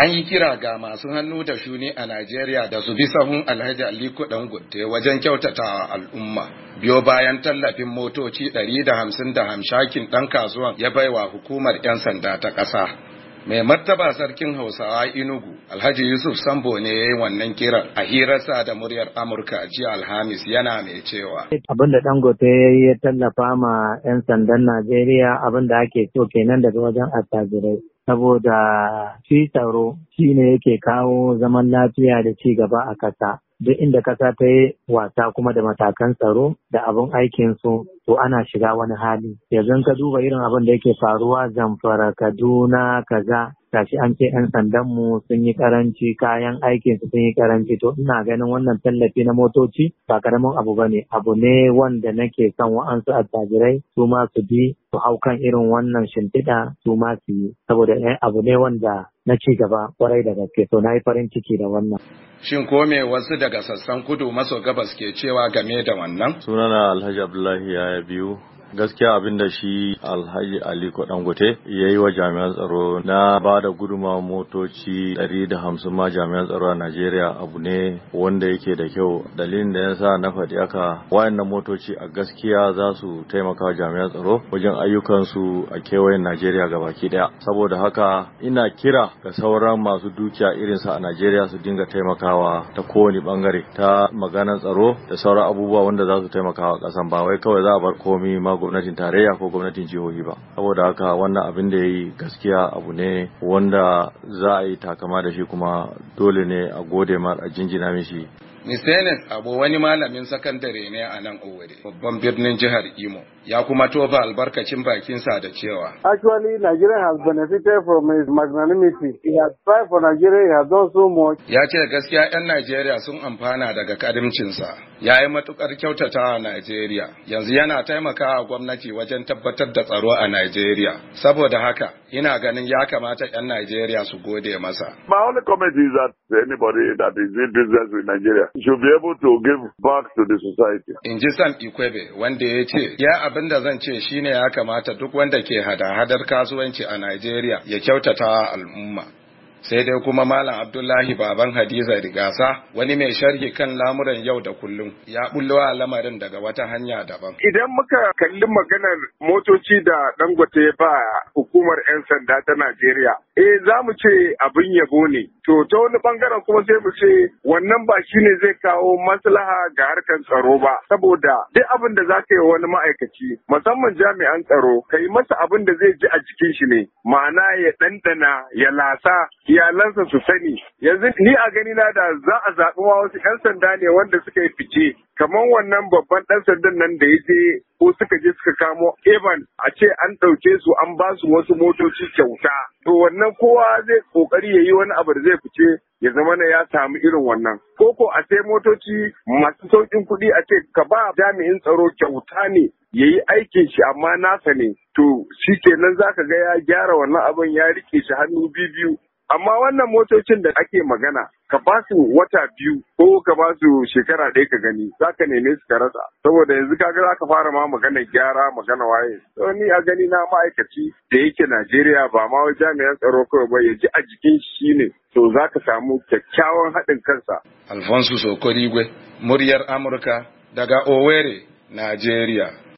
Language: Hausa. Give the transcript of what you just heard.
An yi kira ga masu hannu da shuni a Najeriya da su bi sahun Alhaji Aliko Dangote wajen kyautata al'umma. Biyo bayan tallafin motoci 150 da da hamshakin ɗan kasuwan ya baiwa hukumar 'yan sanda ta ƙasa. Mai martaba sarkin Hausawa Inugu, Alhaji Yusuf Sambo ne ya yi wannan kiran a hirarsa da muryar Amurka jiya Alhamis yana mai cewa. Abin da Dangote ya yi tallafa ma 'yan sandan Najeriya abin da ake so kenan daga wajen attajirai. saboda shi tsaro shi ne yake kawo zaman lafiya da ci gaba a ƙasa. Duk inda ƙasa ta yi wasa kuma da matakan tsaro da abin aikin su to ana shiga wani hali. Yanzu ka duba irin abin da yake faruwa zamfara Kaduna kaza gashi an ce 'yan sandanmu sun yi karanci kayan aikin su sun yi karanci to ina ganin wannan tallafi na motoci ba karamin abu ba ne abu ne wanda nake son wa'ansu attajirai su ma su bi su hau kan irin wannan shimfiɗa su ma su yi saboda eh, abu ne wanda na ci gaba kwarai da gaske to na yi farin ciki da wannan. Shin ko me wasu daga sassan kudu maso gabas ke cewa game da wannan? Sunana Alhaji Abdullahi ya biyu gaskiya abin da shi alhaji Ali dangote ya yi wa jami'an tsaro na ba da guduma motoci 150 ma jami'an tsaro a najeriya abu ne wanda yake da kyau dalilin da ya sa na faɗi aka na motoci a gaskiya za su taimaka wa jami'an tsaro wajen ayyukansu a kewayen najeriya gabaki daya saboda haka ina kira ga sauran masu dukiya irin sa a najeriya su dinga taimakawa ta kowane bangare ta maganar tsaro da sauran abubuwa wanda za su taimaka kasan ba wai kawai za a bar komi ma gwamnatin tarayya ko gwamnatin jihohi ba saboda haka wannan abin da ya yi gaskiya abu ne wanda za a yi takama da shi kuma dole ne a gode mar a jinjina mishi Mistenis abu wani malamin sakandare ne a nan Owerri, babban birnin jihar Imo, ya kuma tofa albarkacin bakinsa da cewa. Actually, Nigeria has benefited from his magnanimity. He has tried for Nigeria, he has done so much. Ya ce gaskiya 'yan Najeriya sun amfana daga karimcinsa Ya yi matukar kyautata a Najeriya. Yanzu yana taimakawa gwamnati wajen tabbatar da tsaro a Najeriya. Saboda haka, ina ganin ya kamata 'yan Najeriya su gode masa. My only comment is that anybody that is in business with Nigeria should be able to give back to the society. In ji Sam Ikwebe wanda ya ce, ya abin da zan ce shine ya kamata duk wanda ke hada-hadar kasuwanci a Najeriya ya kyautata al'umma. sai dai kuma malam abdullahi baban hadiza rigasa wani mai sharhi kan lamuran yau da kullum ya bullowa lamarin daga wata hanya daban idan muka kalli maganar motoci da dangote ba hukumar 'yan sanda ta najeriya eh za mu ce abin yabo ne to ta wani bangaren kuma sai mu ce wannan ba shi ne zai kawo maslaha ga harkar tsaro ba saboda duk abin da za ka yi wani ma'aikaci musamman jami'an tsaro ka yi masa abin da zai ji a jikin shi ne ma'ana ya ɗanɗana ya lasa iyalansa su sani yanzu ni a gani na da za a zaɓi wa wasu 'yan sanda ne wanda suka yi fice kamar wannan babban ɗan sandan nan da ya je ko suka je suka kamo Evan a ce an ɗauke su an ba su wasu motoci kyauta to wannan kowa zai kokari ya yi wani abu da zai fice ya zama na ya samu irin wannan ko ko a sai motoci masu sauƙin kuɗi a ce ka ba jami'in tsaro kyauta ne ya yi aikin shi amma nasa ne to shi kenan za ka ga ya gyara wannan abin ya rike shi hannu biyu amma wannan motocin da ake magana ka ba su wata biyu ko ka ba su shekara ɗaya ka gani za ka neme su ka rasa saboda yanzu kaga za ka fara ma magana gyara magana waye to a gani na ma'aikaci da yake Najeriya ba ma jami'an tsaro kawai ba ya ji a jikin shi ne to za ka samu kyakkyawan haɗin kansa. Alfonso Sokorigwe, muryar Amurka daga Owerri, Najeriya.